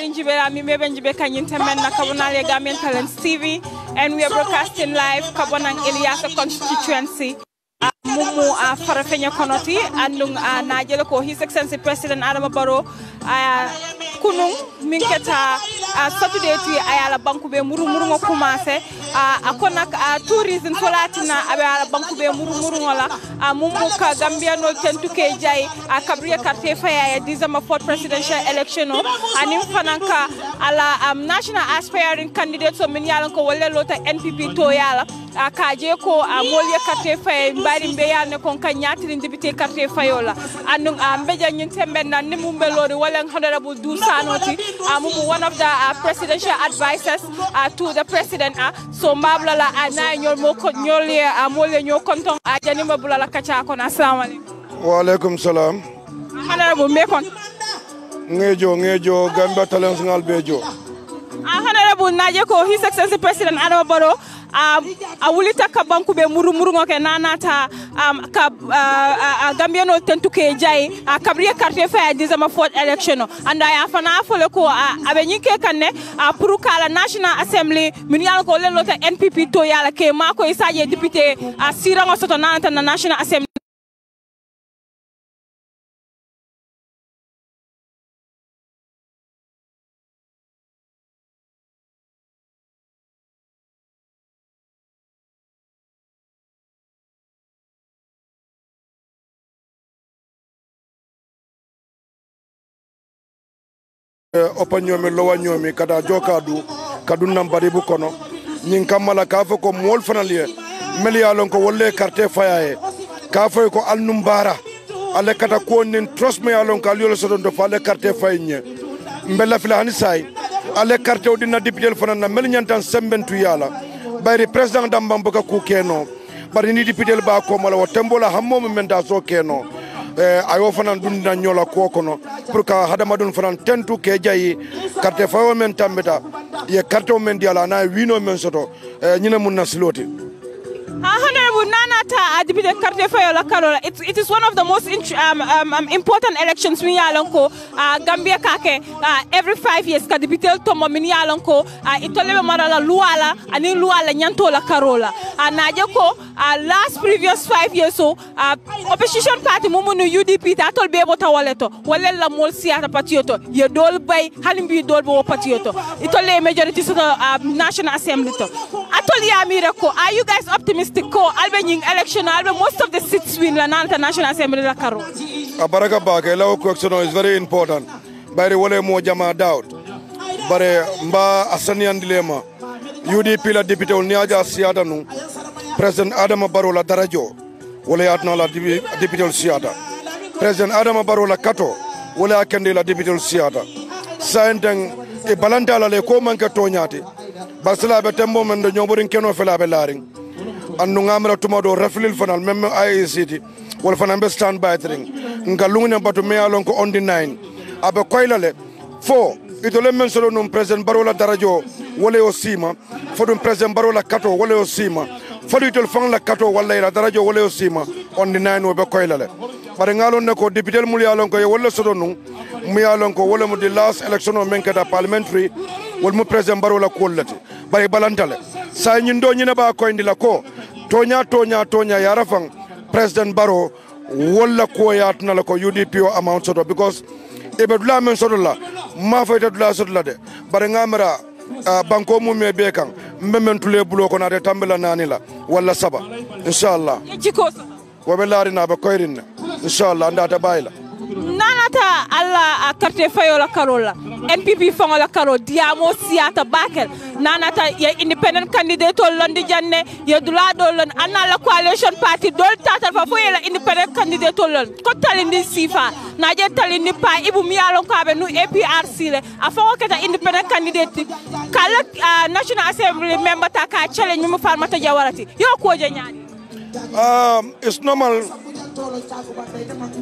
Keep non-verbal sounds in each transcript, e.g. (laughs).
Njibela, Mimebe Njibeka and and we are broadcasting live Kabonang Eliasa constituency mumu a uh, farafeña konoti andung a uh, najele ko his excellency president adama baro a uh, kunung min a saturday ti a yala banku be muru muru ngo commencé a konak a tourism solatina a be yala banku be muru muru ngo a mumu ka gambia no tentu ke jay a kabriya carte faya ya dizama fourth presidential election o ani fananka ala um, national aspiring candidate so min yalan ko wolle lota npp to yala a kaje ko a molye carte faya bari mbe yalne kon ka ñatirin député quartier fayola andun a ah, mbeja ñin temben nan ni mumbe lori walen honorable du sanoti amumu ah, of the ah, presidential advisors uh, to the president a uh, so mbablala a nayi ñol mo ko ñolle a molle ño konton a janima bulala kaca kon aleykum wa aleykum salam honorable mbe kon ngejo ngejo gambia talents ngal bejo honorable ko his excellency president adama barrow um, a uh, wulita ka banku ɓe murumurgo ke nanata um, ka uh, uh, uh gambiano tentu ke jayi uh, kabriye quartier fe a disama fort élection o anda ya fana fole ko uh, aɓe ñinke kanne uh, pour kala national assembly min yala ko lenlota npp to yala ke mako isaje député uh, sirango soto nanata na national assembly opa ñoomi lowa ñoomi kada joka du kadu nambaribu kono ñin kammala ka fo ko mool fanal ye mel ya lon ko wolle carte faya ye ka foye ko alnum baara ale kata kuwo nin trosme ye lon ko al yolo soton to fo ale carte fay ñe mbella fila hani sayi ale carte o ɗinna dipitel fanan na mel ñantan sembentu yala bayri président dambam boka ku keno bari ni députél ba komala wo tembola hammomi men ta so keno Eh, a y'o fana dunda nyola la kuwo pour ka hadamadenw fana tentu k'e jayi carte fawo men tambeta ye carte men di ala n'a wino men men sɔtɔ ɲinɛ mun nasloti Honorable Nanata Adibide Karte Fayola Karola, it is one of the most um, um, um, important elections we alonko uh, Gambia kake uh, every five years kadibitel tomo mini alonko uh, itolebe marala luala and in luala nyantola Karola. Uh, Najeko uh, last previous five years so uh, opposition party mumunu UDP tatol be able to waleto wale la mol siata patioto ye dol bay halimbi dol patioto itole majority to the uh, National Assembly to. Atol ya mireko are you guys optimistic core albe ñing election albe most of the seats win la nanta national assembly la karo a baraka ba ke law question is very important bari wole mo jama doubt bare mba asanian dilema UDP la député on niaja siada nu president adama baro la darajo wole atna la député on siada president adama baro la kato wole akende la député on siada saenteng e balanta la le ko manke toñati barsala be tembo men do nyoborin keno fela be laring andu ngamira tuma do rafilil fanal meme IECT wala fanal be stand by thing ngalungu ne batu me alon ko on the nine abe koylale fo itole men solo num president barola darajo wala yo sima fo dum president barola kato wala yo sima fo itol fang la kato wala ila darajo wala yo sima on the nine wo be koylale bare ngalon ne ko député mul yalon ko wala solo num mu yalon ko wala mu di last election o men kada parliamentary wala mu president barola kollati bare balantale sa ñin do ñina ba ndila ko toña toña toña yara fang president baro wala ko ya tunala ko udp o amount soto because ibe dula men soto la ma fayta dula soto la de bare ngamara uh, ah, banko mum me be kan memen tule bulo ko na de tambela nani la wala saba inshallah ci ko wa be larina ba koyrin inshallah ndata bayila nanata alla a carte fayola karolla npp faŋola karo diyamo siyata bakel nanata ye independent candidate ol londi janne ye dula ɗo lon anna la coalition party dol tatal fa fo yela independent candidate ol lon ko talindi sifa naje talindi pa ibum yalon ko aɓe nu aprc le a faŋo keta independent candidate kala uh, national assembly member ta ka challenge mimo farmata jawarati yo koje ñaani um, it's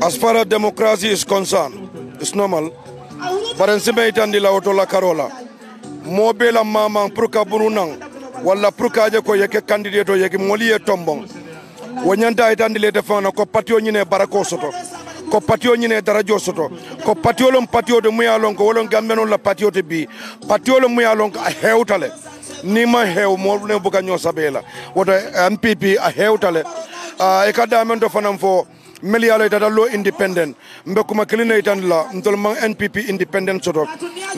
As far as democracy is concerned, it's normal. Baransime itandi la otola karola. carola. la mama pruka burunang. Wala pruka aje ko yeke candidate yeke moliye tombong. Wanyanda itandi le defana ko patio nyine barako soto. Ko patio nyine darajo soto. Ko patio lom patio de muya lon ko wolon gambeno la patio te bi. Patio muya lon a hewtale. Nima hew mo ne buka nyosa bela. Wota MPP a hewtale. Ah, e kadda amen to fanan fo meli yalo itata lo independent mbe kuma kilina itan la mtol mang NPP independent soto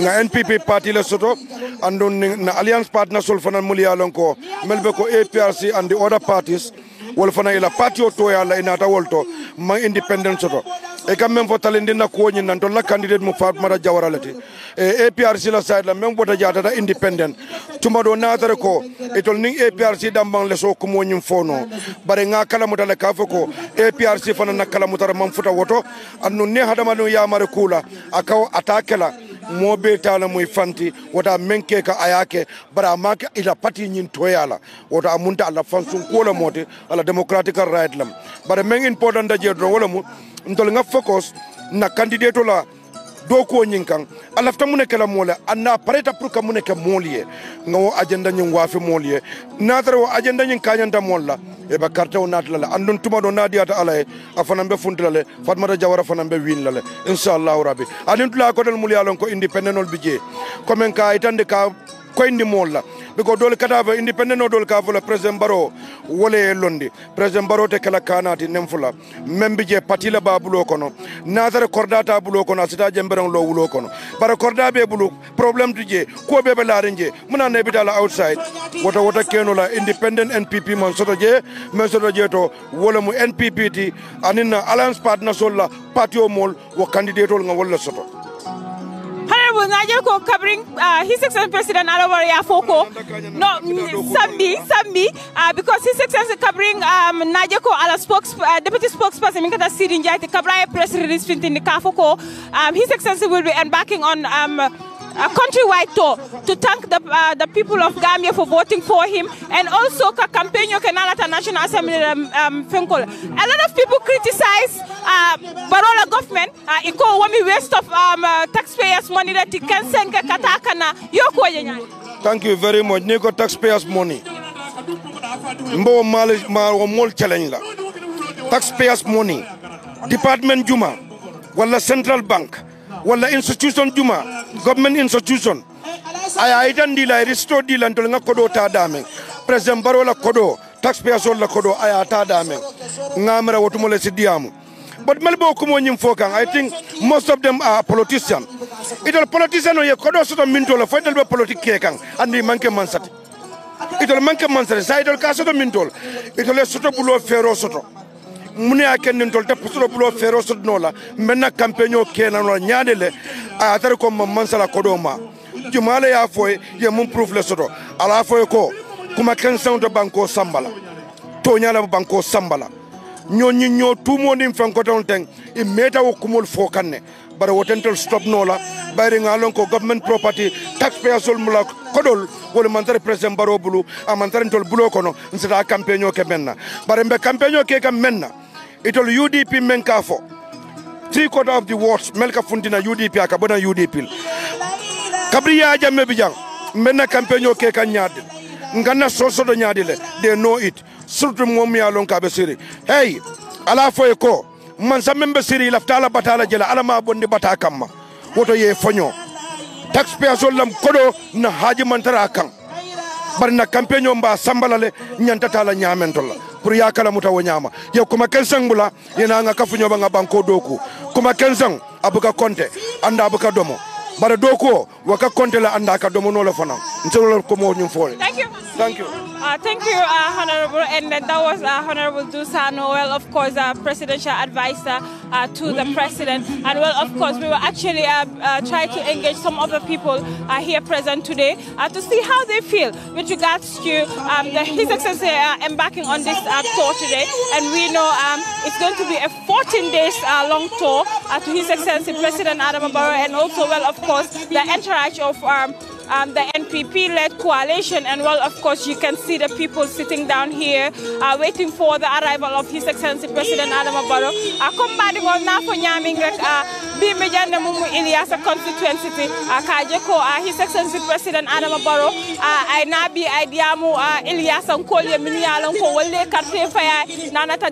nga NPP party le soto ando na alliance partner sol fanan muli yalo ko melbe ko APRC and the other parties wal fana ila party o to yalla inata to mang independent soto e kam men fottale ndinna woni nan la candidate mo fatmata Mara le te e aprc la side la même bota da independent tuma do natare ko e tol nin aprc ɗamban leso ko mo kumoñin fono bare nga ga kalamutale ka fo ko aprc fana na kala mo tar man futa woto annu ne hadama ɗum yamare kula a kaw ata kela mobe tala moy fanti wota menke ka ayake bara amake ila pati nyin toyala wota munta ala fansun kola mote ala democratic right lam bare men important da jeddo wala mu ntol nga focus na candidate la dokuwo ñiŋ kaŋ a lafita mu ne ke la moolu ye pareta pour ka muneke ne ke moolu ye nŋa wo ajenda ñiŋ waafi moolu ye naa wo ajenda ñiŋ kaañanta moolu la e ba kartewo naati la le anduŋ tuma do naa diyaata ala a fanaŋ be funti la le fatumata jawara fanaŋ be wiin le inchallahu rabbi aniŋ tula kotel mulu ye a loŋ ko independentol bi jee commeŋ ka itandi ka koyndi moolla biko dol kataba independent o dol ka fola président baro wole e londi président baro te kala kanati nen fula membi je patila ba bulo kono natara korda ta bulo kono a sita jemberan lo wulo kono bara korda be bulu probléme tu je ko be be laaren je muna ne bitala outside woto wota kenola independent npp man soto je men soto je to wole mu npp ti anin alliance partner solla parti o mol wo candidate ol nga wolle soto Honorable Nigel Cook covering uh, His Excellency President Alawari Afoko. No, Sambi, Sambi, uh, because His Excellency covering um, Nigel Cook, ala spokes, uh, Deputy Spokesperson Minkata Sirinjai, the Cabraya press release in the Kafoko. Um, His Excellency will be embarking on um, a countrywide tour to thank the, uh, the people of Gambia for voting for him and also ka campaign yoke nalata National Assembly um, um, fenkol. A lot of people criticize uh, Barola government uh, iko a waste of um, uh, taxpayers money that ikensenga kataka na yoko Thank you very much. Niko taxpayers money. Mbo mal mal mol challenge la. Taxpayers money. Department Juma wala Central Bank walla institution juma government institution aya itan dila risto dila ntol nga kodo ta damen president baro la kodo taxpayers la kodo aya ta damen ngamra wotumo le sidiamu but mel melbo kumo nyim fokan i think most of them are politicians itol politician o ye kodo soto minto la foydel be politique kekan andi manke mansati itol manke mansati sa itol ka soto mintol itol soto bulo fero soto mun y'a kɛ nin tɔlɔ pusulo bulo fɛɛrɛ so dunɔ la n bɛ na kanpeɲo kɛ na nɔ ɲa de lɛ a y'a tari ko ma mansala kodɔw ma jumale y'a fɔ ye ye mun le sɔrɔ ala fɔ ko kuma kɛnsɛnw tɛ banko sambala toɲa la banko sambala ñoñi ño tumo ni fen ko ton ten i meta wo kumol fo kanne bare wotentel stop no la bare ngalon ko government property taxpayer sol mula kodol wol mantare president baro bulu amantare ntol bulo kono nsita campaigno ke menna bare mbe campaigno ke kam menna itol UDP men ka fo three quarter of the wards mel ka fundina UDP aka bona UDP kabri ya jamme bi jang menna campaign o ke kan nyaade ngana soso do nyaade le they know it surtout mom ya lon ka be siri hey ala fo ko man sa membe siri laftala batala jela ala ma bonde bata kamma woto ye fonyo taxpayer lam kodo na haji mantara kan bari na campaigno mba sambala le ñantata la ñamentol la pour yakala muta wo ñama yo kuma kensang bula yena nga kafu ñoba nga banko doku kuma kensang abuka konte anda abuka domo bara doko waka konte la anda ka domo no la fana ntolo ko mo ñu fole Thank you. Uh, thank you, uh, Honorable. And that was uh, Honorable Dusa Noel, of course, uh, presidential advisor uh, to the president. And well, of course, we were actually uh, uh, trying to engage some other people here present today to see how they feel with regards to um, the, His Excellency embarking on this tour today. And we know um, it's going to be a 14 days long tour to His Excellency President Adam Barrow and also, well, of course, the entourage of um, um, the NPP-led coalition. And well, of course, you can see the people sitting down here uh, waiting for the arrival of His Excellency President Adama Barrow. Uh, bi mi jande mumu Iliasa constituency uh, kaje ko uh, his excellency president Adama Barrow uh, ay nabi ay diamu uh, Iliasa kolye min ko wolle carte faya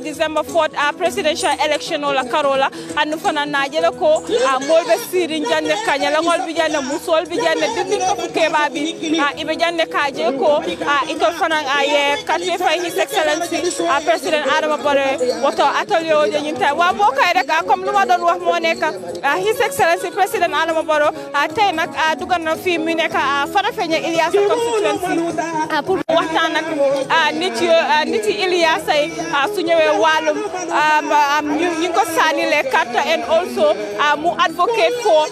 December 4th uh, presidential election ola karola anu fana najele ko uh, molbe sirin jande kanyala ngol bi jande musol bi jande dindin ko keba bi uh, ibe jande kaje ko uh, itol fana ay uh, carte faya his excellency uh, president Adama Barrow woto atolyo jinte wa bokay rek comme luma don wax mo nekk Ah, His Excellency President Adama Barrow ah, tey nag ah, dugal na fii mu nekk Farafenni Ilias constituency pour mu waxtaan ak nit yu nit yi Ilias ay su ñëwee wàllum ñu ngi ko sànnile carte and also mu advocate for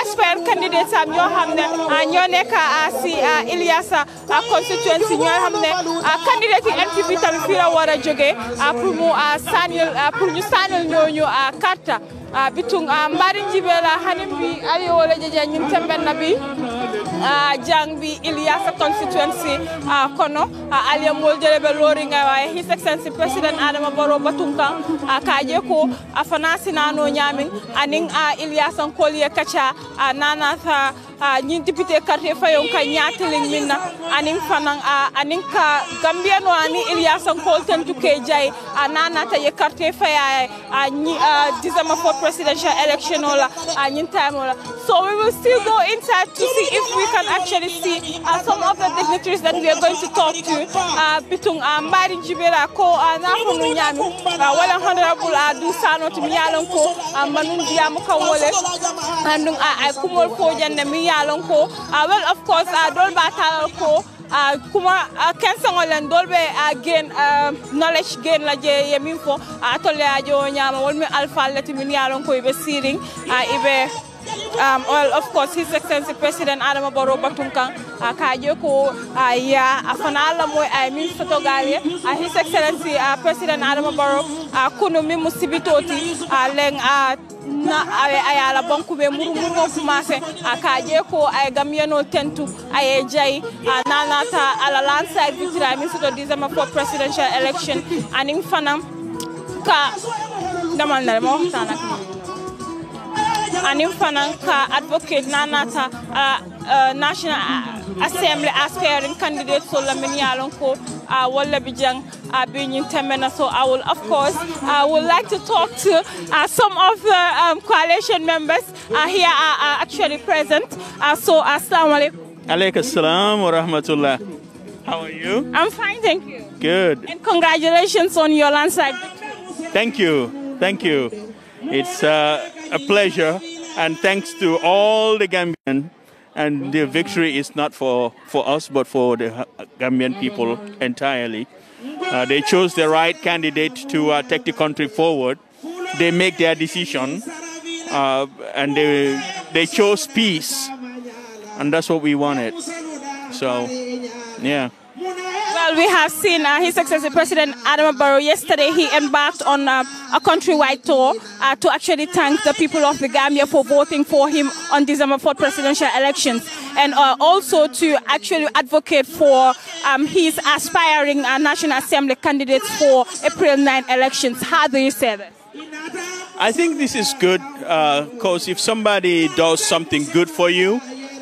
aspire candidates am ñoo xam ne ñoo nekk si Ilias constituency ñoo xam ne candidate yi NPP tamit fii la war a jógee mu sànnil pour ñu sànnil ñooñu a ah, bitung a ah, mbari jibela hani bi ari wala jeje nyim temben na a ah, jang bi Ilyasa constituency a kono a aliya mol jere be lori nga wa his excellency president adama baro batun kan a kaje ko a fanasi nano nyamin anin a Ilyasa kolye kacha a nana Ah, ñin député quartier fayon ah, ka ñaatelin anin fanan anin ka ani tuke jay ye quartier faya a ah, ñi presidential election ola a ñin time ola so we will still go inside to see if we can actually see uh, some of the dignitaries that we are going to talk to uh, bitung uh, mbari jibera ko uh, nafunu ñami uh, wala honorable uh, du sanoti mi yalon ko uh, manun uh, kumol ko jande mi yalon ko ah, well of course dol ba taral ko kuma ah, kensongo len dol be ah, gain knowledge gain la je yemin fo atole ajo nyama wol Let me lati min yalon ko ibe siring ibe um, well, of course, His Excellency President Adama Barrow Batunkan uh, kaje ko uh, ya afanala mo ay uh, min fotogalie uh, His Excellency uh, President Adama Barrow uh, kuno mi musibitoti uh, leng uh, na awe ayala banku be muru muru kumase akaje uh, ko ay uh, gamiyano tentu ay jay nanata ala landslide victory mi so December for presidential election aning fanam ka damal na mo waxtan ak I'm fanan ka advocate nanata uh, uh, national assembly aspiring candidate so the yalon ko uh, walla uh, being in Temena. So I will, of course, I uh, would like to talk to uh, some of the um, coalition members uh, here are, are actually present. Uh, so, uh, assalamu alaikum. Alaikum assalam wa rahmatullah. How are you? I'm fine, thank you. Good. And congratulations on your landslide. Thank you, thank you. It's. Uh, a pleasure, and thanks to all the Gambian. And the victory is not for, for us, but for the Gambian people entirely. Uh, they chose the right candidate to uh, take the country forward. They make their decision, uh, and they they chose peace, and that's what we wanted. So, yeah. Well, we have seen uh, His Excellency President Adam Barrow yesterday. He embarked on uh, a countrywide tour uh, to actually thank the people of the Gambia for voting for him on December 4th presidential elections and uh, also to actually advocate for um, his aspiring uh, National Assembly candidates for April 9 elections. How do you say that? I think this is good because uh, if somebody does something good for you,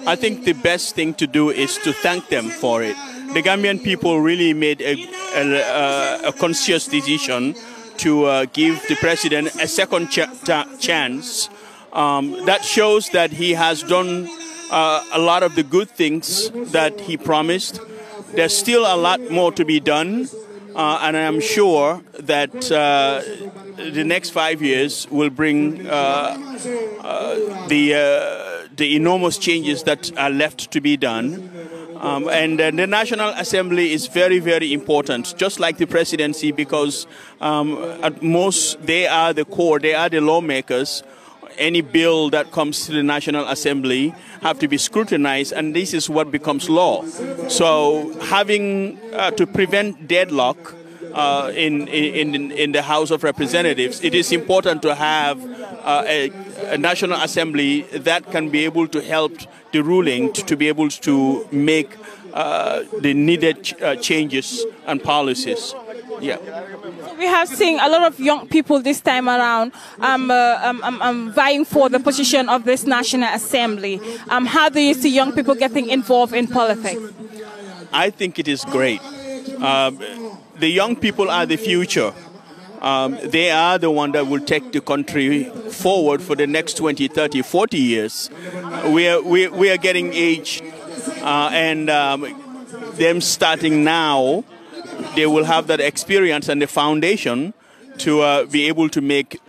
I think the best thing to do is to thank them for it the Gambian people really made a, a, a conscious decision to uh, give the president a second ch chance. Um, that shows that he has done uh, a lot of the good things that he promised. There's still a lot more to be done, uh, and I'm sure that uh, the next five years will bring uh, uh, the the enormous changes that are left to be done. Um, and uh, the National Assembly is very, very important, just like the presidency, because um, at most they are the core, they are the lawmakers. Any bill that comes to the National Assembly have to be scrutinized, and this is what becomes law. So, having uh, to prevent deadlock uh, in, in, in the House of Representatives, it is important to have uh, a, a National Assembly that can be able to help the ruling to, to be able to make uh, the needed ch uh, changes and policies. Yeah. So we have seen a lot of young people this time around um, uh, um, um, um vying for the position of this National Assembly. Um, how do you see young people getting involved in politics? I think it is great. Um, the young people are the future um, they are the one that will take the country forward for the next 20, 30, 40 years. We are, we, we are getting aged, uh, and um, them starting now, they will have that experience and the foundation to uh, be able to make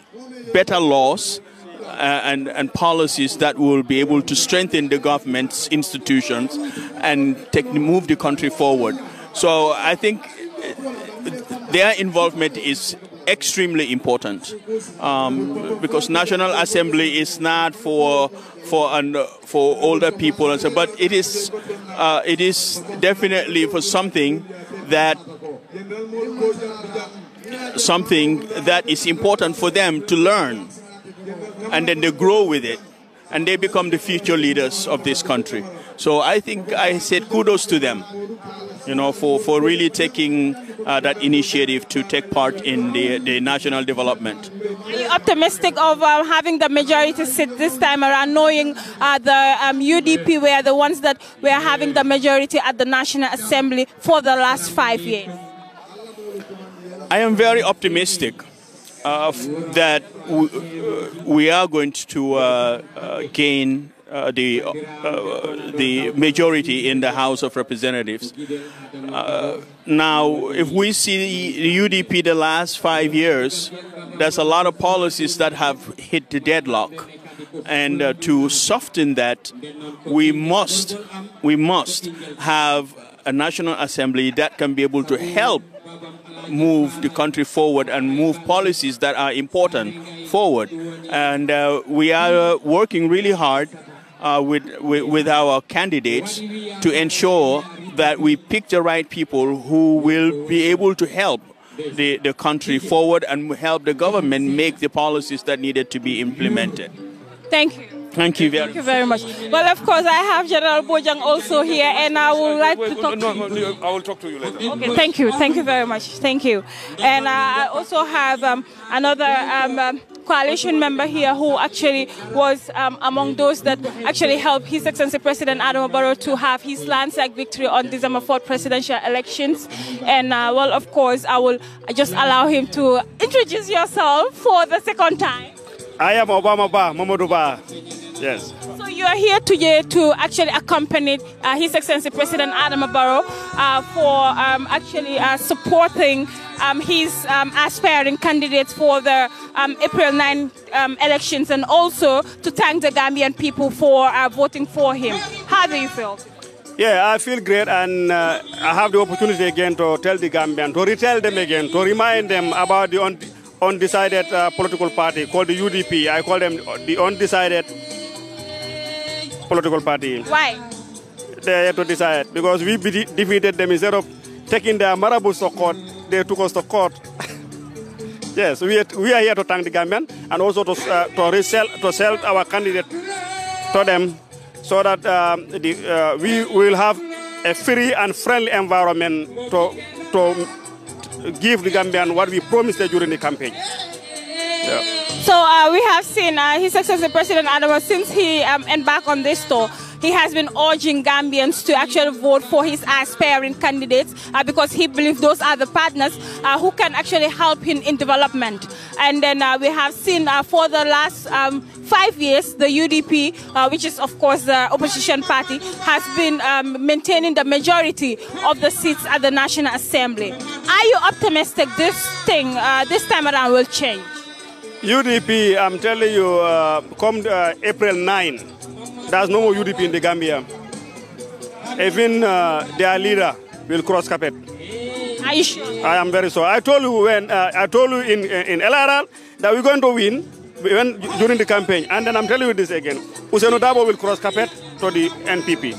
better laws uh, and, and policies that will be able to strengthen the government's institutions and take, move the country forward. So I think uh, their involvement is extremely important um, because National Assembly is not for for and for older people and so, but it is uh, it is definitely for something that something that is important for them to learn, and then they grow with it, and they become the future leaders of this country. So I think I said kudos to them, you know, for for really taking uh, that initiative to take part in the, the national development. Are you optimistic of uh, having the majority sit this time around, knowing uh, the um, UDP were the ones that were having the majority at the National Assembly for the last five years? I am very optimistic uh, that uh, we are going to uh, gain uh, the, uh, uh, the majority in the House of Representatives. Uh, now, if we see the UDP the last five years, there's a lot of policies that have hit the deadlock. And uh, to soften that, we must, we must have a National Assembly that can be able to help move the country forward and move policies that are important forward. And uh, we are uh, working really hard uh, with, with, with our candidates to ensure that we pick the right people who will be able to help the, the country forward and help the government make the policies that needed to be implemented. Thank you. Thank you very much. Thank you very much. Well, of course, I have General Bojang also here, and I would like to talk no, no, no, I will talk to you later. Okay, thank you. Thank you very much. Thank you. And uh, I also have um, another um, um, coalition member here who actually was um, among those that actually helped His Excellency President Adam Barrow to have his landslide victory on December 4th presidential elections. And, uh, well, of course, I will just allow him to introduce yourself for the second time. I am Obama Ba, Mamadou Ba. Yes. So you are here today to actually accompany uh, His Excellency President Adam Barrow uh, for um, actually uh, supporting um, his um, aspiring candidates for the um, April 9 um, elections and also to thank the Gambian people for uh, voting for him. How do you feel? Yeah, I feel great, and uh, I have the opportunity again to tell the Gambian, to retell them again, to remind them about the undecided uh, political party called the UDP. I call them the undecided political party. Why? They have to decide because we defeated them instead of taking their marabouts to court, they took us to court. (laughs) yes, we are, we are here to thank the Gambian and also to, uh, to, resell, to sell our candidate to them so that um, the, uh, we will have a free and friendly environment to, to give the Gambian what we promised during the campaign. Yeah. So uh, we have seen uh, His successor, President Adama, since he um, embarked on this tour, he has been urging Gambians to actually vote for his aspiring candidates uh, because he believes those are the partners uh, who can actually help him in development. And then uh, we have seen uh, for the last um, five years, the UDP, uh, which is of course the opposition party, has been um, maintaining the majority of the seats at the National Assembly. Are you optimistic this thing, uh, this time around, will change? UDP, I'm telling you, uh, come uh, April 9, there's no more UDP in the Gambia. Even uh, their leader will cross carpet. Are you sure? I am very sorry. I told you when uh, I told you in in LRL that we're going to win when, during the campaign, and then I'm telling you this again. Useno Dabo will cross carpet to the NPP.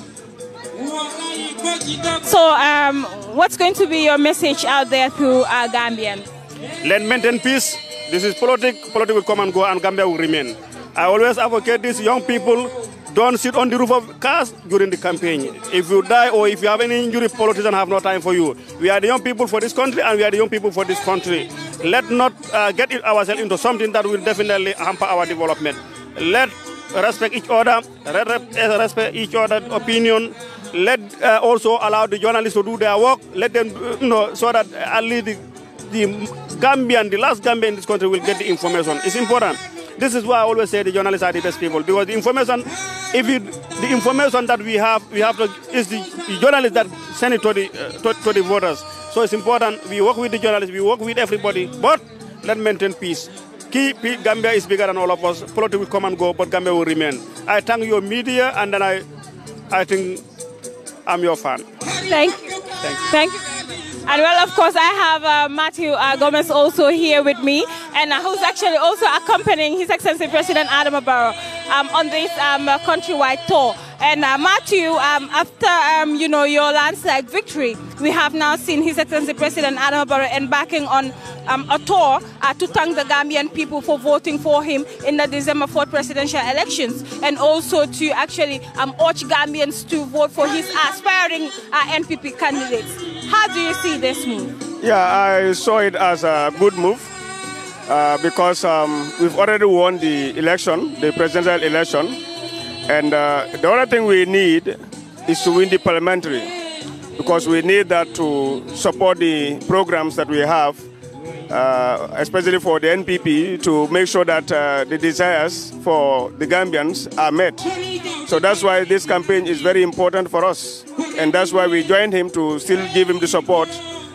So, um, what's going to be your message out there to our uh, Gambians? let maintain peace this is politics. Politics will come and go, and Gambia will remain. I always advocate this: young people don't sit on the roof of cars during the campaign. If you die or if you have any injury, politicians have no time for you. We are the young people for this country, and we are the young people for this country. Let not uh, get ourselves into something that will definitely hamper our development. Let respect each other, eh, respect each other's opinion. Let uh, also allow the journalists to do their work. Let them, uh, you know, so that at least the the Gambian, the last Gambian in this country will get the information. It's important. This is why I always say the journalists are the best people because the information, if you, the information that we have, we have to is the, journalist journalists that send it to the uh, to, to the voters. So it's important. We work with the journalists. We work with everybody, but let's maintain peace. Keep, Gambia is bigger than all of us. Politics will come and go, but Gambia will remain. I thank your media, and then I, I think I'm your fan. Thank you. Thank you. Thank you. And well, of course, I have uh, Matthew uh, Gomez also here with me, and uh, who's actually also accompanying His Excellency President Adam Barrow um, on this um, uh, countrywide tour. And uh, Matthew, um, after um, you know your landslide victory, we have now seen His Excellency President Adam Barrow embarking on um, a tour uh, to thank the Gambian people for voting for him in the December 4th presidential elections, and also to actually um, urge Gambians to vote for his aspiring uh, NPP candidates. How do you see this move? Yeah, I saw it as a good move uh, because um, we've already won the election, the presidential election. And uh, the only thing we need is to win the parliamentary because we need that to support the programs that we have uh, especially for the NPP, to make sure that uh, the desires for the Gambians are met. So that's why this campaign is very important for us. And that's why we joined him to still give him the support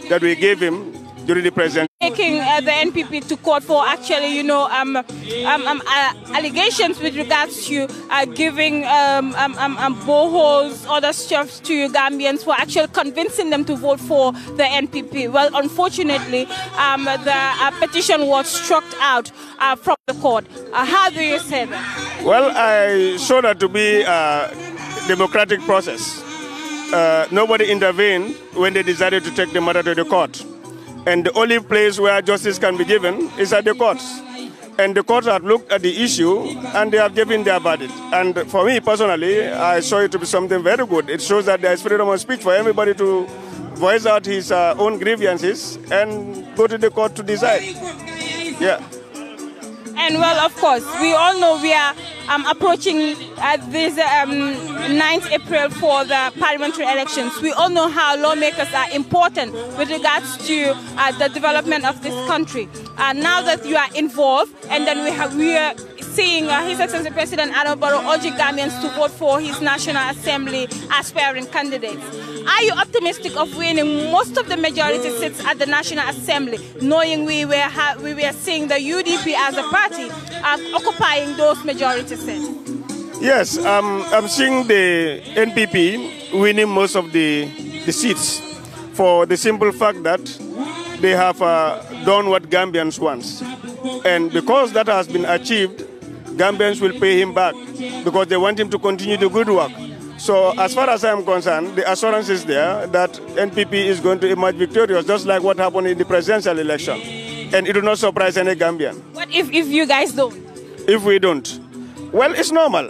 that we gave him during the presidency taking uh, the NPP to court for actually, you know, um, um, um uh, allegations with regards to uh, giving um, um, um, um boreholes, other stuff to Ugandan for actually convincing them to vote for the NPP. Well, unfortunately, um, the uh, petition was struck out uh, from the court. Uh, how do you say that? Well, I saw that to be a democratic process. nobody intervened when they decided to take the matter to the court. And the only place where justice can be given is at the courts. And the courts have looked at the issue and they have given their verdict. And for me personally, I saw it to be something very good. It shows that there is freedom of speech for everybody to voice out his uh, own grievances and go to the court to decide. Yeah. And well, of course, we all know we are um, approaching uh, this um, 9th April for the parliamentary elections. We all know how lawmakers are important with regards to uh, the development of this country. Uh, now that you are involved, and then we have we are seeing uh, His Excellency President Adobaro urging Gambians to vote for his National Assembly aspiring candidates. Are you optimistic of winning most of the majority seats at the National Assembly, knowing we were, we were seeing the UDP as a party uh, occupying those majority seats? Yes, um, I'm seeing the NPP winning most of the, the seats for the simple fact that they have uh, done what Gambians want. And because that has been achieved, Gambians will pay him back because they want him to continue the good work. So as far as I'm concerned, the assurance is there that NPP is going to emerge victorious, just like what happened in the presidential election. And it will not surprise any Gambian. What if, if you guys don't? If we don't? Well, it's normal.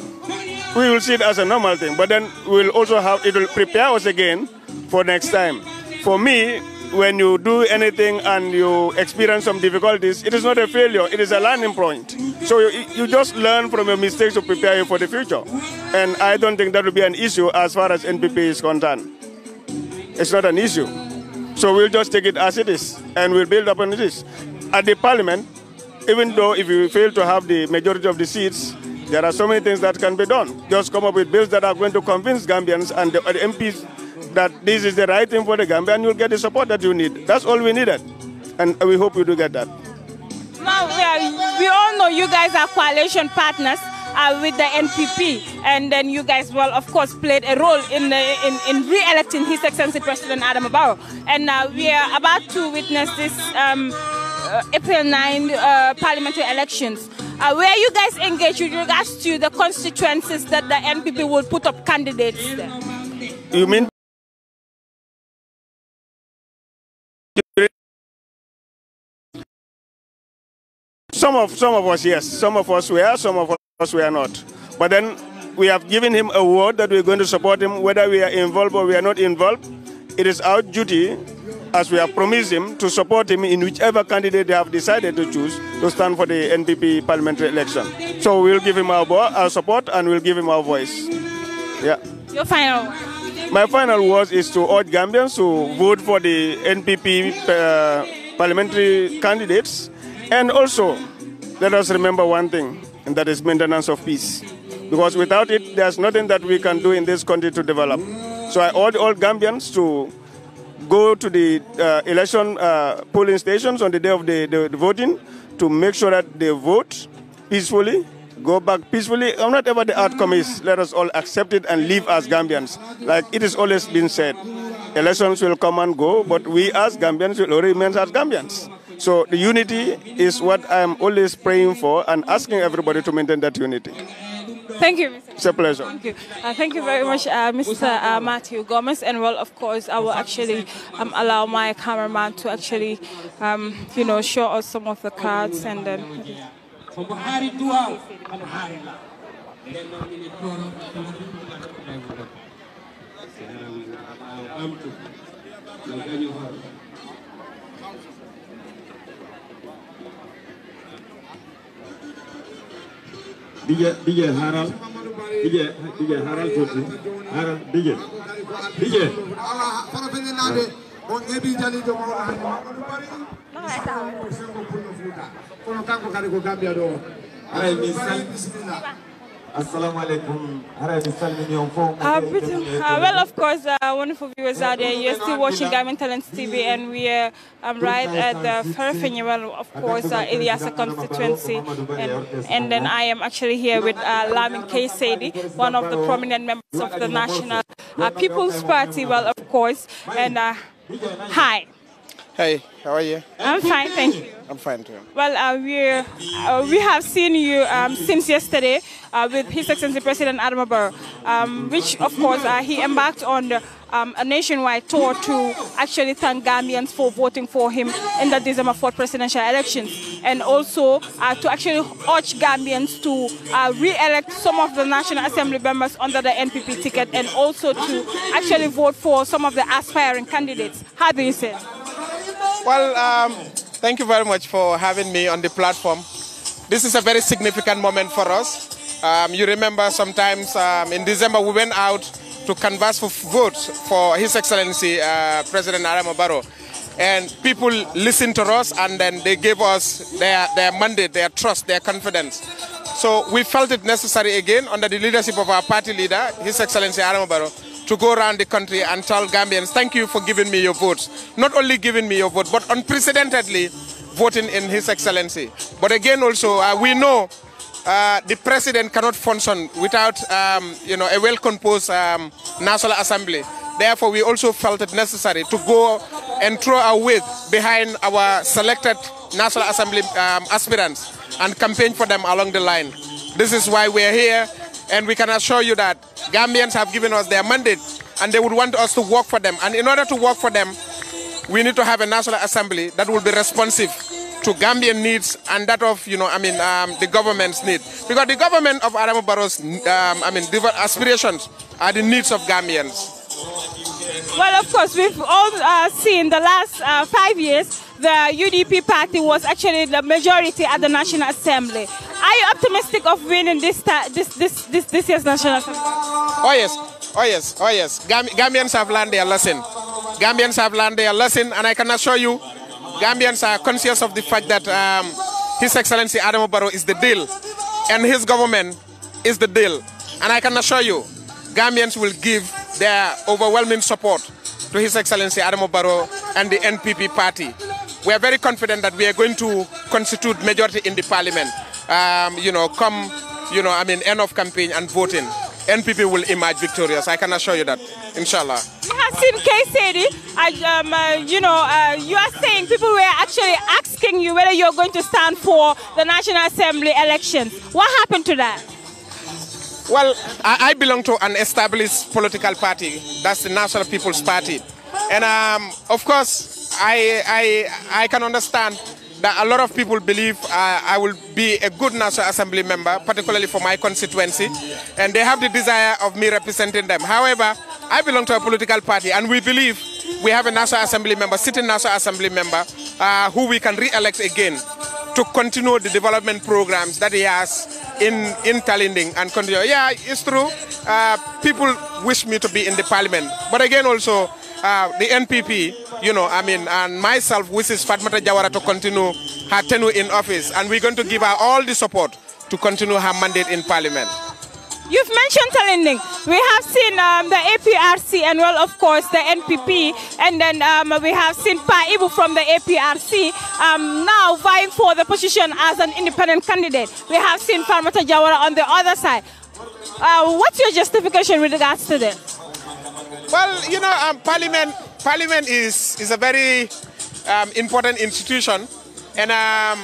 We will see it as a normal thing, but then we'll also have, it will prepare us again for next time. For me, when you do anything and you experience some difficulties, it is not a failure, it is a learning point. So you, you just learn from your mistakes to prepare you for the future. And I don't think that will be an issue as far as NPP is concerned. It's not an issue. So we'll just take it as it is and we'll build upon this. At the parliament, even though if you fail to have the majority of the seats, there are so many things that can be done. Just come up with bills that are going to convince Gambians and the, the MPs that this is the right thing for the Gambia and you'll get the support that you need. That's all we needed. And we hope you do get that. Ma'am, we, we, all know you guys are coalition partners uh, with the NPP. And then you guys, well, of course, played a role in, in, in re-electing His Excellency President Adam Barrow. And uh, we are about to witness this um, uh, April 9 uh, parliamentary elections. Uh, where you guys engage with regards to the constituencies that the NPP will put up candidates there. You mean Some of, some of us, yes. Some of us were, some of us were not. But then we have given him a word that we're going to support him, whether we are involved or we are not involved. It is our duty, as we have promised him, to support him in whichever candidate they have decided to choose to stand for the NPP parliamentary election. So we'll give him our, our support and we'll give him our voice. Yeah. Your final. My final word is to urge Gambians to vote for the NPP uh, parliamentary candidates and also, let us remember one thing, and that is maintenance of peace. Because without it, there's nothing that we can do in this country to develop. So I urge all Gambians to go to the uh, election uh, polling stations on the day of the, the, the voting to make sure that they vote peacefully go back peacefully. Whatever the outcome is, let us all accept it and live as Gambians. Like it is always been said, elections will come and go, but we as Gambians will remain as Gambians. So the unity is what I'm always praying for and asking everybody to maintain that unity. Thank you. It's a pleasure. Thank you. Uh, thank you very much, uh, Mr. Uh, Matthew Gomez. And well, of course, I will actually um, allow my cameraman to actually, um, you know, show us some of the cards and then. DJ DJ haral DJ DJ haral tuuti haral DJ DJ farafeñinaaɓe on heeɓi jaliijo mawɗo hannde mamadou bari sengo pulno fuuta kono kanko kadi ko gambiya ɗo o ay mi bisimilla Uh, pretty, uh, well, of course, uh, wonderful viewers out there. You're still watching Garmin Talents TV, and we're um, uh, right at the funeral of course, uh, Ilyasa constituency. And, and, then I am actually here with uh, Lamin K. Sadi, one of the prominent members of the National uh, People's Party, well, of course. And uh, hi. Hey, how are you? I'm fine, thank you. I'm fine too. Well, uh, we uh, we have seen you um, since yesterday uh, with His Excellency President Adama Barrow, um, which of course uh, he embarked on um, a nationwide tour to actually thank Gambians for voting for him in the December 4th presidential elections, and also uh, to actually urge Gambians to uh, re-elect some of the National Assembly members under the NPP ticket, and also to actually vote for some of the aspiring candidates. How do you say? Well, um, thank you very much for having me on the platform. This is a very significant moment for us. Um, you remember sometimes um, in December we went out to canvass for votes for His Excellency uh, President Arama Barrow. And people listened to us and then they gave us their, their mandate, their trust, their confidence. So we felt it necessary again under the leadership of our party leader, His Excellency Arama Barrow, to go around the country and tell Gambians, thank you for giving me your votes. Not only giving me your vote, but unprecedentedly voting in His Excellency. But again, also, uh, we know uh, the president cannot function without um, you know, a well-composed um, National Assembly. Therefore, we also felt it necessary to go and throw our weight behind our selected National Assembly um, aspirants and campaign for them along the line. This is why we're here and we can assure you that Gambians have given us their mandate and they would want us to work for them. And in order to work for them, we need to have a National Assembly that will be responsive to Gambian needs and that of, you know, I mean, um, the government's need. Because the government of Adamo Barrow's, um, I mean, aspirations are the needs of Gambians. Well, of course, we've all uh, seen the last uh, five years the UDP party was actually the majority at the National Assembly. Are you optimistic of winning this this this this, this year's National Assembly? Oh yes, oh yes, oh yes. Gamb Gambians have learned their lesson. Gambians have learned their lesson, and I can assure you, Gambians are conscious of the fact that um, His Excellency Adam Barrow is the deal, and his government is the deal. And I can assure you, Gambians will give their overwhelming support to His Excellency Adam Barrow and the NPP party we are very confident that we are going to constitute majority in the parliament. Um, you know, come, you know, I mean, end of campaign and voting, NPP will emerge victorious. I can assure you that, inshallah. Hassim Kayseri, um, uh, you know, uh, you are saying people were actually asking you whether you're going to stand for the National Assembly election. What happened to that? Well, I, I belong to an established political party. That's the National People's Party. And um, of course, I, I, I can understand that a lot of people believe uh, I will be a good National Assembly member, particularly for my constituency, and they have the desire of me representing them. However, I belong to a political party, and we believe we have a National Assembly member, sitting National Assembly member, uh, who we can re-elect again to continue the development programs that he has in, in Talinding and continue. Yeah, it's true. Uh, people wish me to be in the parliament. But again, also, uh, the NPP, you know, I mean, and myself wishes Fatmata Jawara to continue her tenure in office, and we're going to give her all the support to continue her mandate in Parliament. You've mentioned Talending. We have seen um, the APRC and, well, of course, the NPP. And then um, we have seen Pa Ibu from the APRC um, now vying for the position as an independent candidate. We have seen Farmata Jawara on the other side. Uh, what's your justification with regards to this? Well, you know, um, Parliament Parliament is is a very um, important institution, and um,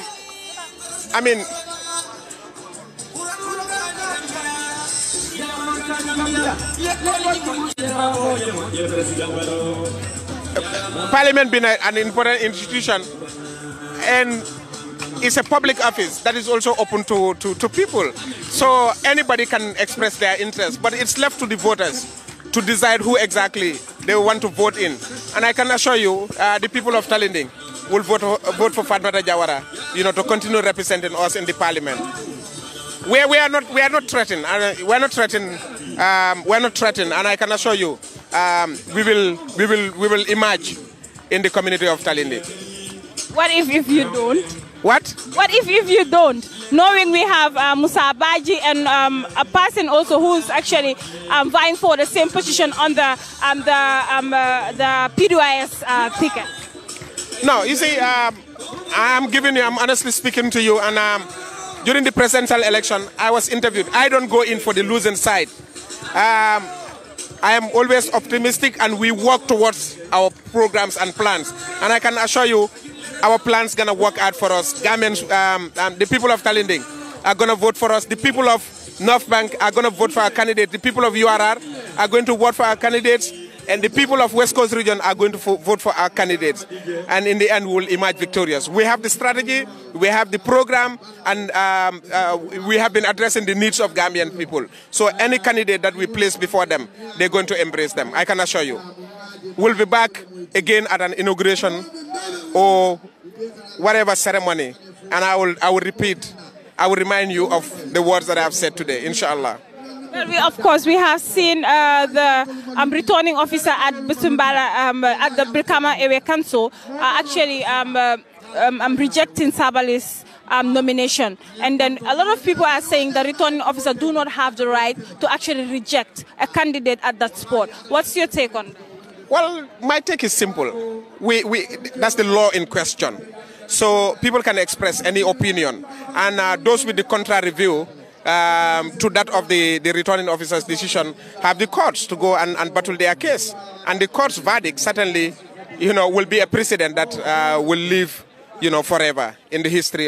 I mean. Parliament being a, an important institution, and it's a public office that is also open to, to, to people. So anybody can express their interest, but it's left to the voters to decide who exactly they want to vote in. And I can assure you, uh, the people of Talinding will vote, uh, vote for Fatmata Jawara, you know, to continue representing us in the parliament. We, we are not we are not threatened. Uh, we are not threatened. Um, we are not threatened, and I can assure you, um, we will we will we will emerge in the community of Talinding. What if if you don't? What? What if, if you don't? Knowing we have uh, Musa Abaji and um, a person also who's actually um, vying for the same position on the um, the um, uh, the PDIS uh, ticket. No, you see, um, I'm giving you. I'm honestly speaking to you, and um, during the presidential election, I was interviewed. I don't go in for the losing side. Um, I am always optimistic, and we work towards our programs and plans. And I can assure you, our plan's gonna work out for us. um, um, the people of Talinding are gonna vote for us. The people of North Bank are gonna vote for our candidate. The people of URR are going to vote for our candidates. And the people of West Coast region are going to vote for our candidates. And in the end, we'll emerge victorious. We have the strategy, we have the program, and um, uh, we have been addressing the needs of Gambian people. So any candidate that we place before them, they're going to embrace them. I can assure you will be back again at an inauguration or whatever ceremony. And I will, I will repeat, I will remind you of the words that I have said today, inshallah. Well, we, of course, we have seen uh, the um, returning officer at Busumbala, um, at the Brikama Area Council, uh, actually um, uh, um, um rejecting Sabali's um, nomination. And then a lot of people are saying the returning officer do not have the right to actually reject a candidate at that spot. What's your take on that? Well, my take is simple. We, we, that's the law in question. So people can express any opinion. And uh, those with the contrary view um, to that of the, the returning officer's decision have the courts to go and, and battle their case. And the court's verdict certainly, you know, will be a precedent that uh, will live, you know, forever in the history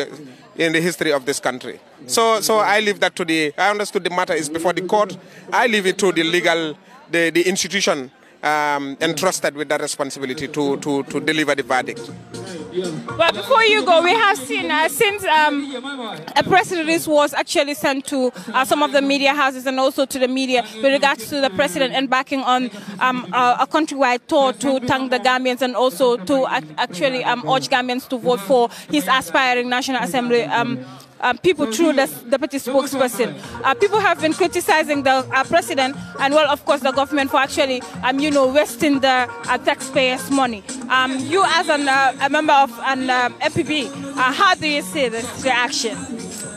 in the history of this country. So, so I leave that to the. I understood the matter is before the court. I leave it to the legal, the, the institution um, entrusted with that responsibility to, to, to deliver the verdict. Well, before you go, we have seen uh, since um, a press release was actually sent to uh, some of the media houses and also to the media with regards to the president embarking on um, a, a countrywide tour to thank the Gambians and also to ac actually um, urge Gambians to vote for his aspiring National Assembly. Um, um, mm-hmm. people through the deputy spokesperson. Uh, people have been criticizing the uh, president and, well, of course, the government for actually, um, you know, wasting the uh, taxpayers' money. Um, you, as an, uh, a member of an um, FPB, uh, how do you see this reaction?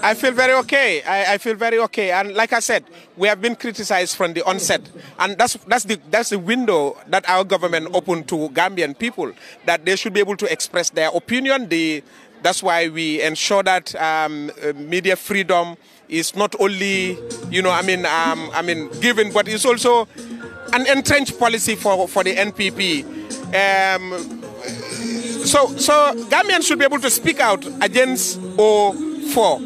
I feel very okay. I, I, feel very okay. And like I said, we have been criticized from the onset. And that's, that's, the, that's the window that our government opened to Gambian people, that they should be able to express their opinion, the, that's why we ensure that um, uh, media freedom is not only, you know, I mean, um, I mean, given, but it's also an entrenched policy for, for the NPP. Um, so, so Gambians should be able to speak out against or for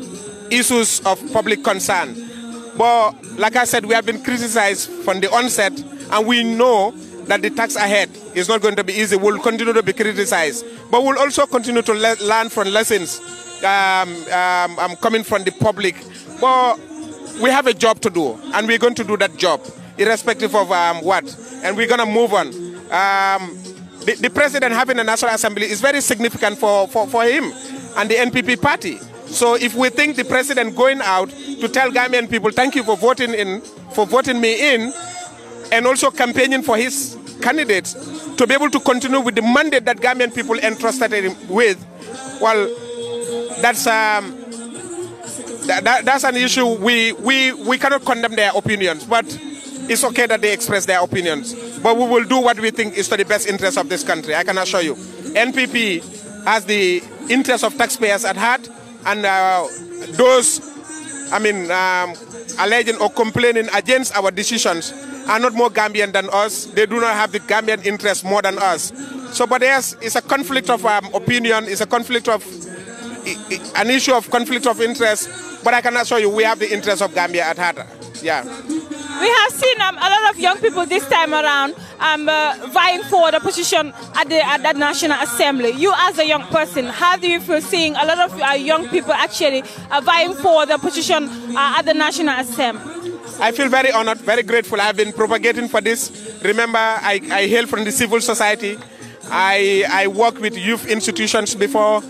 issues of public concern. But like I said, we have been criticized from the onset, and we know that the tax ahead is not going to be easy. We'll continue to be criticized, but we'll also continue to le- learn from lessons um, um, um coming from the public. But we have a job to do, and we're going to do that job, irrespective of um, what. And we're going to move on. Um, the, the, president having a national assembly is very significant for, for, for him and the NPP party. So if we think the president going out to tell Gambian people, thank you for voting in, for voting me in, and also campaigning for his candidate to be able to continue with the mandate that Gambian people entrusted him with, well, that's um, that, that, that's an issue. We, we, we cannot condemn their opinions, but it's okay that they express their opinions. But we will do what we think is to the best interest of this country, I can assure you. NPP has the interest of taxpayers at heart, and uh, those, I mean, um, alleging or complaining against our decisions are not more Gambian than us. They do not have the Gambian interest more than us. So, but yes, it's a conflict of um, opinion. It's a conflict of an issue of conflict of interest. But I can assure you, we have the interest of Gambia at heart. Yeah. We have seen um, a lot of young people this time around um, uh, vying for the position at the, at the National Assembly. You, as a young person, how do you feel seeing a lot of uh, young people actually uh, vying for the position uh, at the National Assembly? I feel very honored, very grateful. I've been propagating for this. Remember, I, I hail from the civil society. I, I work with youth institutions before,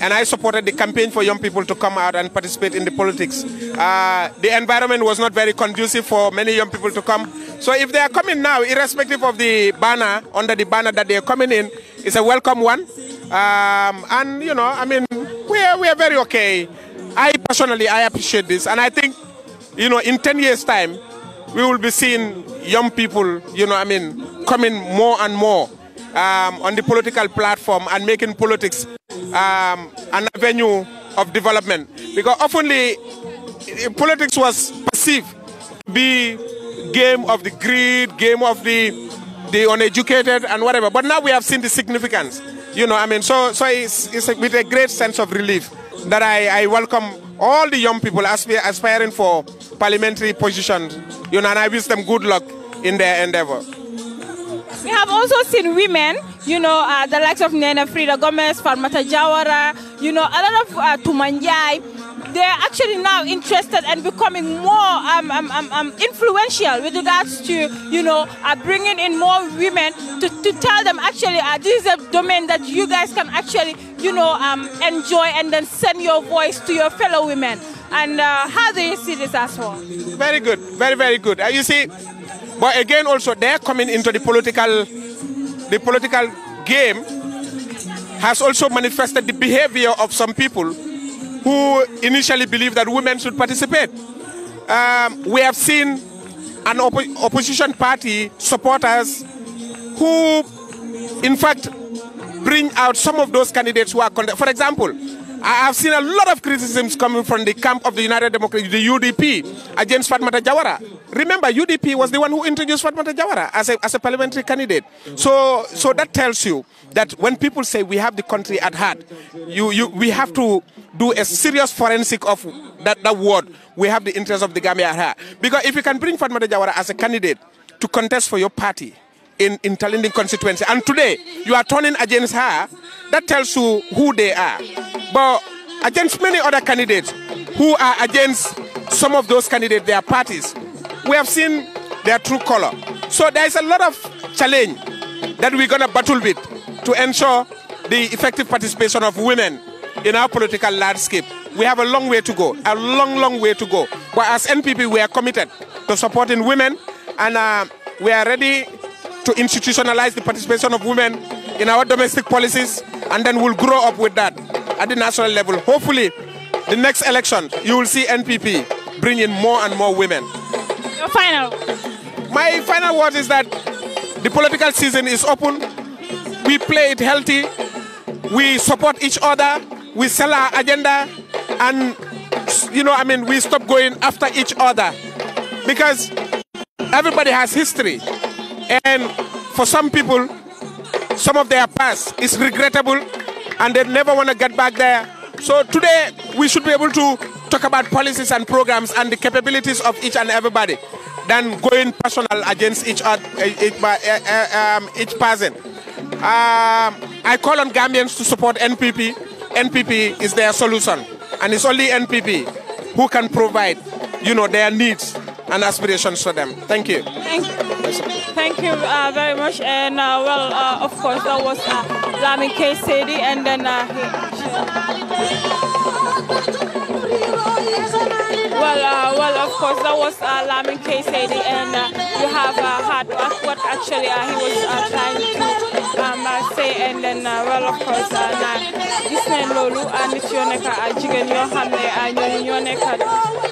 and I supported the campaign for young people to come out and participate in the politics. Uh, the environment was not very conducive for many young people to come. So if they are coming now, irrespective of the banner, under the banner that they are coming in, it's a welcome one. Um, and, you know, I mean, we are, we are very okay. I personally, I appreciate this, and I think you know, in 10 years' time, we will be seeing young people, you know, I mean, coming more and more um, on the political platform and making politics um, an avenue of development. Because oftenly, eh, politics was perceived to be game of the greed, game of the the uneducated and whatever. But now we have seen the significance. You know, I mean, so so it's, it's with a great sense of relief that I, I welcome all the young people asp aspiring for parliamentary positions. You know, and I wish them good luck in their endeavor. We have also seen women, you know, uh, the likes of Nena Frida Gomez, Farmata Jawara, you know, a lot of uh, Tumanjai. They're actually now interested and becoming more um, um, um, um, influential with regards to, you know, uh, bringing in more women to, to tell them actually uh, this is a domain that you guys can actually, you know, um, enjoy and then send your voice to your fellow women. And uh, how do you see this as well? Very good, very, very good. Uh, you see, but again, also they're coming into the political, the political game has also manifested the behavior of some people who initially believed that women should participate. Um, we have seen an op opposition party supporters who, in fact, bring out some of those candidates who are, for example, I've seen a lot of criticisms coming from the camp of the United Democratic, the UDP, against Fatmata Jawara. Remember, UDP was the one who introduced Fatmata Jawara as a, as a parliamentary candidate. So, so that tells you that when people say we have the country at heart, you, you, we have to do a serious forensic of that, that word. We have the interest of the Gambia at heart. Because if you can bring Fatmata Jawara as a candidate to contest for your party, in, in Talinding constituency. And today, you are turning against her. That tells you who they are. But against many other candidates who are against some of those candidates, their parties, we have seen their true color. So there is a lot of challenge that we're going to battle with to ensure the effective participation of women in our political landscape. We have a long way to go, a long, long way to go. But as NPP, we are committed to supporting women and uh, we are ready to institutionalize the participation of women in our domestic policies, and then we'll grow up with that at the national level. Hopefully, the next election, you will see NPP bring in more and more women. Your final? My final word is that the political season is open. We play it healthy. We support each other. We sell our agenda. And, you know, I mean, we stop going after each other. Because everybody has history. And for some people, some of their past is regrettable and they never want to get back there. So today we should be able to talk about policies and programs and the capabilities of each and everybody than going personal against each other, eh, each, eh, eh, um, each person. Um, I call on Gambians to support NPP. NPP is their solution and it's only NPP who can provide, you know, their needs and aspirations for them. Thank you. Thank, thank you uh, very much. And uh, well, uh, of course, that was uh, Lami K. Sadie, and then uh, well, uh, well, of course, that was uh, Lamin K. Sadie, and uh, you have heard what actually he was trying to um, say, and then, well, of course, uh, this man Lolu and it's Yoneka your hand, and your Yoneka.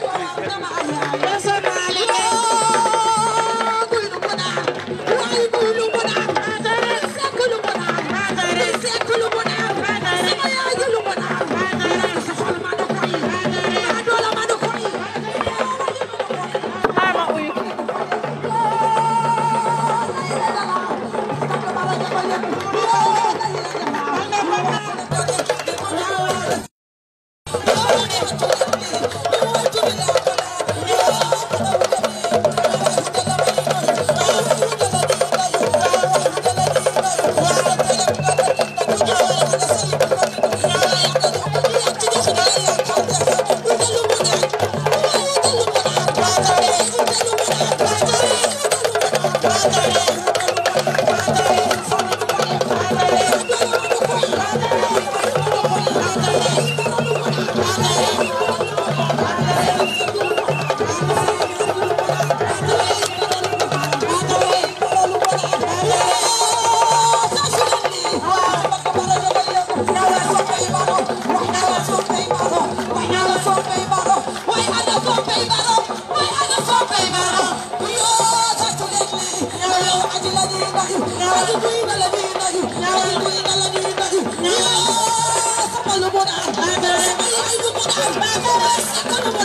Thank you.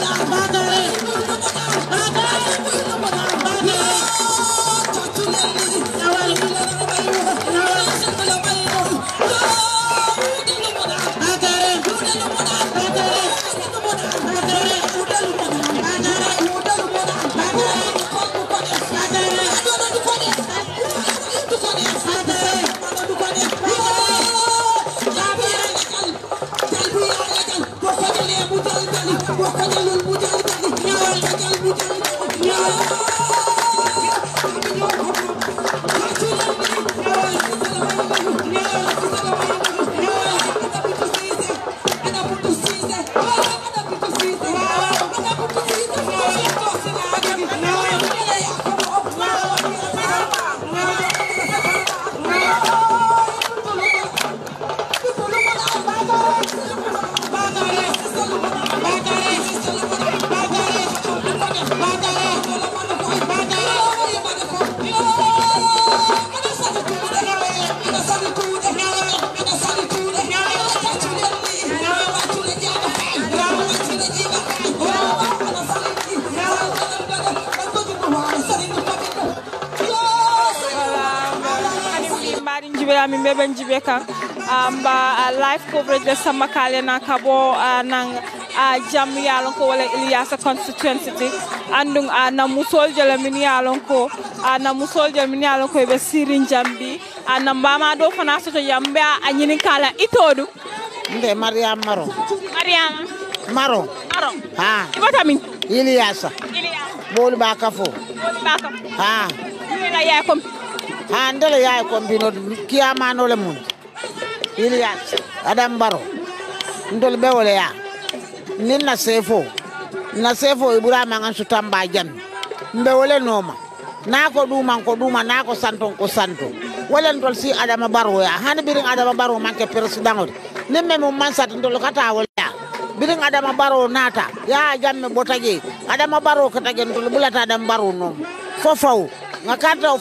mi mbe ben jibe kan ba uh, life coverage be sama kale na kabo uh, nan uh, jam yalon ko wala iliasa constituency andung na musol jala min yalon ko na musol jala min yalon ko be sirin jambi na mama do fana soto yambe a nyini kala itodu nde Mariam Maro Mariam Maro Maro ha ibata min iliasa iliasa bolu ba kafo bolu ba kafo ha ni yakom handele yaye kombino kiyamanole mun ya adam baro ndol ɓewole ya nin na sefo na sefo iburama ngan sutamba jami mbewole noma na ko ɗuman ko ɗuma na ko santon ko santo wala tol si adam baro ya hani birin adama baro manke présidentode nim me mum man sata ndol kata wala ya birin adama baro nata ya jamme botaje adam baro katage ndol ɓulata adama baro noon fofaw nga karta o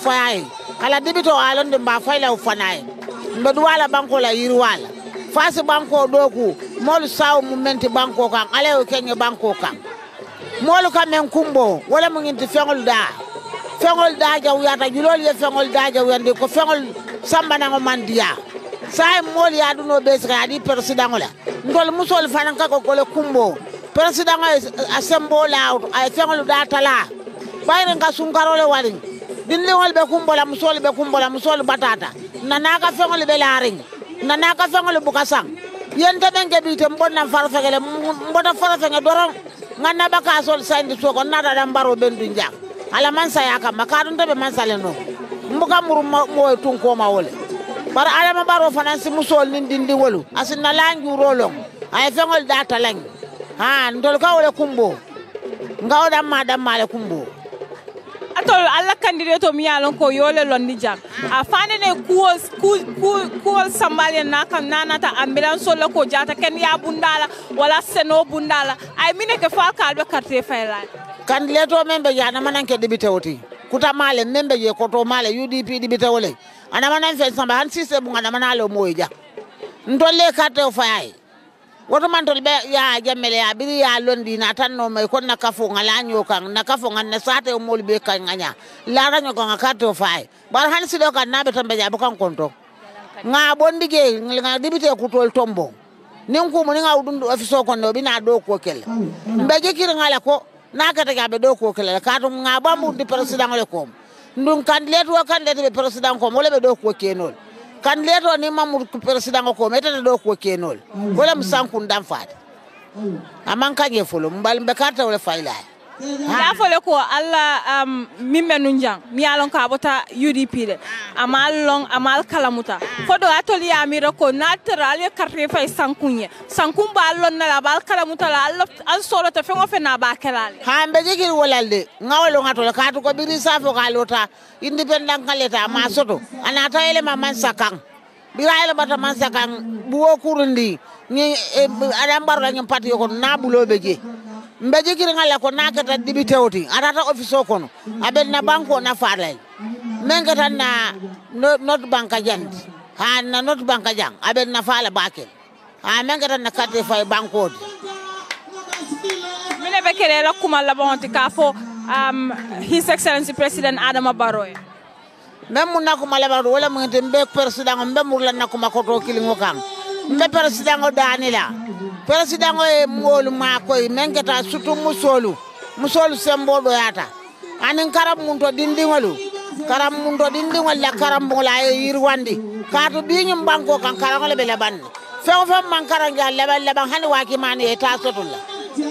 kala dibito alonde mba fayla ufanaye mbedu wala banko la yiri wala fasi banko doku molu saw mumenti banko kan alayo kenye banko kan molu kamen kumbo wala munginti fengol da fengol da jawiyata julol ye fengol da jawiyande ko fengol samba nango mandia sai molu ya duno besika adi persidango la ndol musol fanan ko kole kumbo persidango asembo la ay fengol da tala bayren ka le warin dinliŋol be kumbola musol be kumbola musol batata nanaka feŋol be laariŋ nanaka feŋol buka saŋ yente meŋ ke biite mbonna farafeŋele mbota farafeŋe doroŋ ŋa naba kaasol sayindi suwo ko nata dan baro ben dun jaŋ ala maŋ kamma kaadunta be maŋ no noo mbuka muru moye tunkooma wo le bari alama baro fanaŋ si musol niŋ dindiŋolu asi nalaa njuuroo loŋ a ye feŋol daa talaŋ ha ntolu ka wo le kumboo nga wo danmaa danmaa le kumboo tol alla candidato mi yalon ko yole londi jang a fane ne kuwol kuwol sambal yen na nanata ambulance la ko jata ken ya bundala wala seno bundala ay mine ke fa kalbe carte faylan candidato men be yana manan ke debite woti kuta male membe be ko koto male UDP debite wole ana manan fe samba han sise bunga na manalo moja ndolle carte fayai woto mantol ɓe ya jammele ya ɓiri ya londi na tanno may kon na kafo nga laño kan na kafo nga na sate o mol ɓe kan gaña laraño kan a karto faye ɓar han siɗo kan na tan ɓe jaɓo kan konto nga ge nga dibite kutol tombo nin kumu ni nga ɗum ɗo office o konno ɓina ɗo kokel mɓe kir ngala ko na kataka ɓe ɗo kokel katum nga di président le kom ndun kandilet wo kandilet ɓe président kom be do ɗo kokenol kan leto ni mamur president ko metata do ko kenol wala musanku ndam faati aman kaje folo mbal be karta wala faylaa yafole ko alla um, min ɓe nun jang mi yalon ko a ɓota udp de amal long amal kalamuta fodo a toliyamira ko natara ala karre fay sankunye sankun ba allon nala ba al kalamuta la allah an solota fen o fena ba kelale ha mbe jigir wolal de ngawlo ngatol kaatu ko biri safo ka lota independent kaleta ma mm. soto anata ele ma man sakang bira ele bata man sakang buwo kurundi ni e, adam barla nyam pati ko nabulo beje mbe ngala ko na keta tewti atata ko kono abel na banko na farlay men gata na not banka jandi ha na not banka jang abel na fala bakel ha men gata na karte fay di mine be kerela kuma bonti ka fo um, his excellency president adama baroy men mu na kuma labaro wala mu ngete mbe president mbe la na kuma koto kilingo kang nte peresidaŋo daanila peresidaŋo ye moolu maakoyi e, meŋ keta sutu musoolu musoolu semboo ɗoyata aniŋ karammunto dindiŋolu karammunto dindiŋolu la karambuŋo la a ye yiriwandi kaatu ɓiiñiŋ bankoo kaŋ karaŋo le be labaŋ ne feŋ feŋ maŋ karaŋ je lebaŋ labaŋ hani waakimaani ye taa sotul la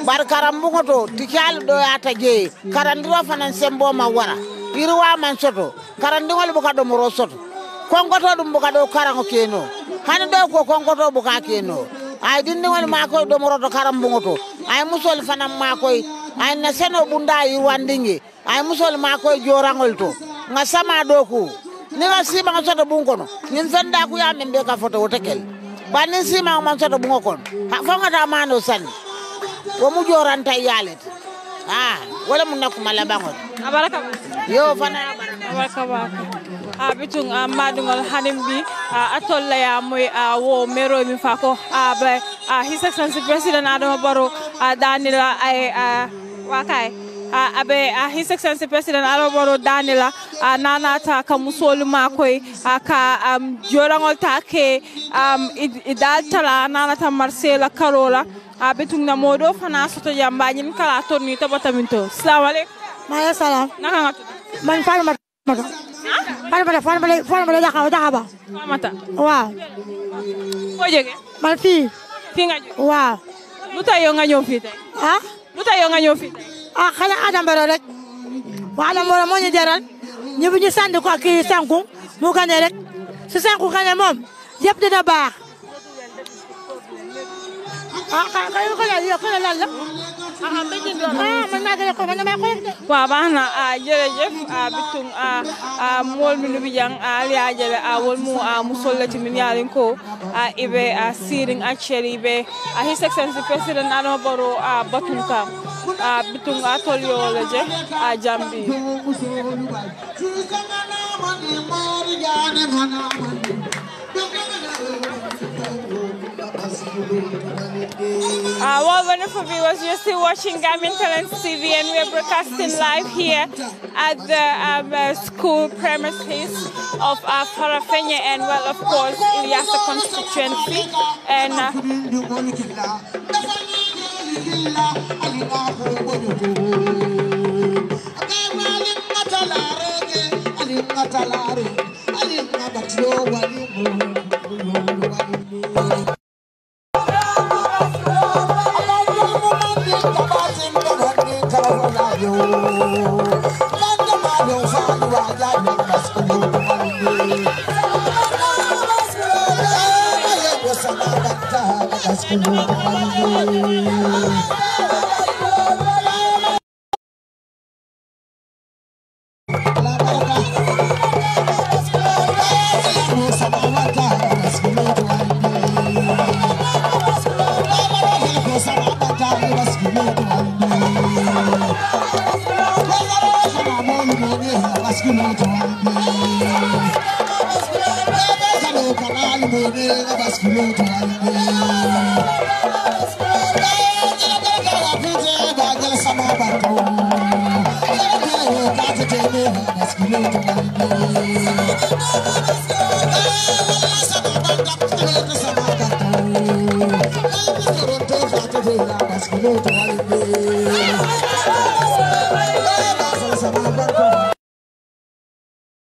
bari karambuŋo to tikiyaalu ɗoyata jee karandiro fanaŋ semboo ma wara yiriwaa maŋ soto karandiŋolu buka ɗomoroo soto konkoto ɗum buka ɗo karaŋo keenoo hani ɗo ko konkoto bukakino ay dinni woni makoye ɗomoroto karambungoto ay musol fanan makoye ay na seno bunda yirwandinge ay musol makoye jorangol to nga sama ɗo ku ni nga simaŋo soto buŋ kono ñiŋ feŋ daa ku yaa meŋ bee ka foto wo te kel bari niŋ simaŋo maŋ soto buŋo kono fo ŋa taa maanoo sanni wo mu jooranta i ye a ah, mu na kuma labaŋo ti yo fana ye a a ah, bitun a ah, madungol hanim bi a ah, atolla ya moy a wo mero mi fa ko a ba a his excellency president adama baro a danila ay a wakai Uh, abe a his excellency president baro danila a nana ta ka musolu makoy ka am jorangol ta ke am idal tala nana ta marcela carola uh, na modo fana soto jambanyin kala torni tabata minto assalamu alaikum maya salam naka man farma maga fan bale fan bale fan bale jaxaw jaxaba mata waaw foo jóge man fii fii nga jóge waaw lu tax yow nga ñëw fii tey ah lu tax yow nga ñëw fii tey ah xanaa Adama Barrow rek waa Adama Barrow moo ñu jaral ñu bu ñu sànni ko kii sànku mu gane rek su sànku gane moom yëpp dina baax ah xanaa ko la yo ko la lan la ah man maa gën a xool man damay xool de. waaw baax na ah, jërëjëf ah, bitum ah, mool mi nu bi jang aliya jabe wol mu musollati min yalin ko ibe siring actually ibe his excellency president adama baro batun kam bitum tol yowole je jambi Thank you. Uh, well, wonderful viewers, you're still watching Gambian Talent TV and we're broadcasting live here at the um, uh, school premises of uh, Farafenya and, well, of course, Ilyasa constituency. And, uh,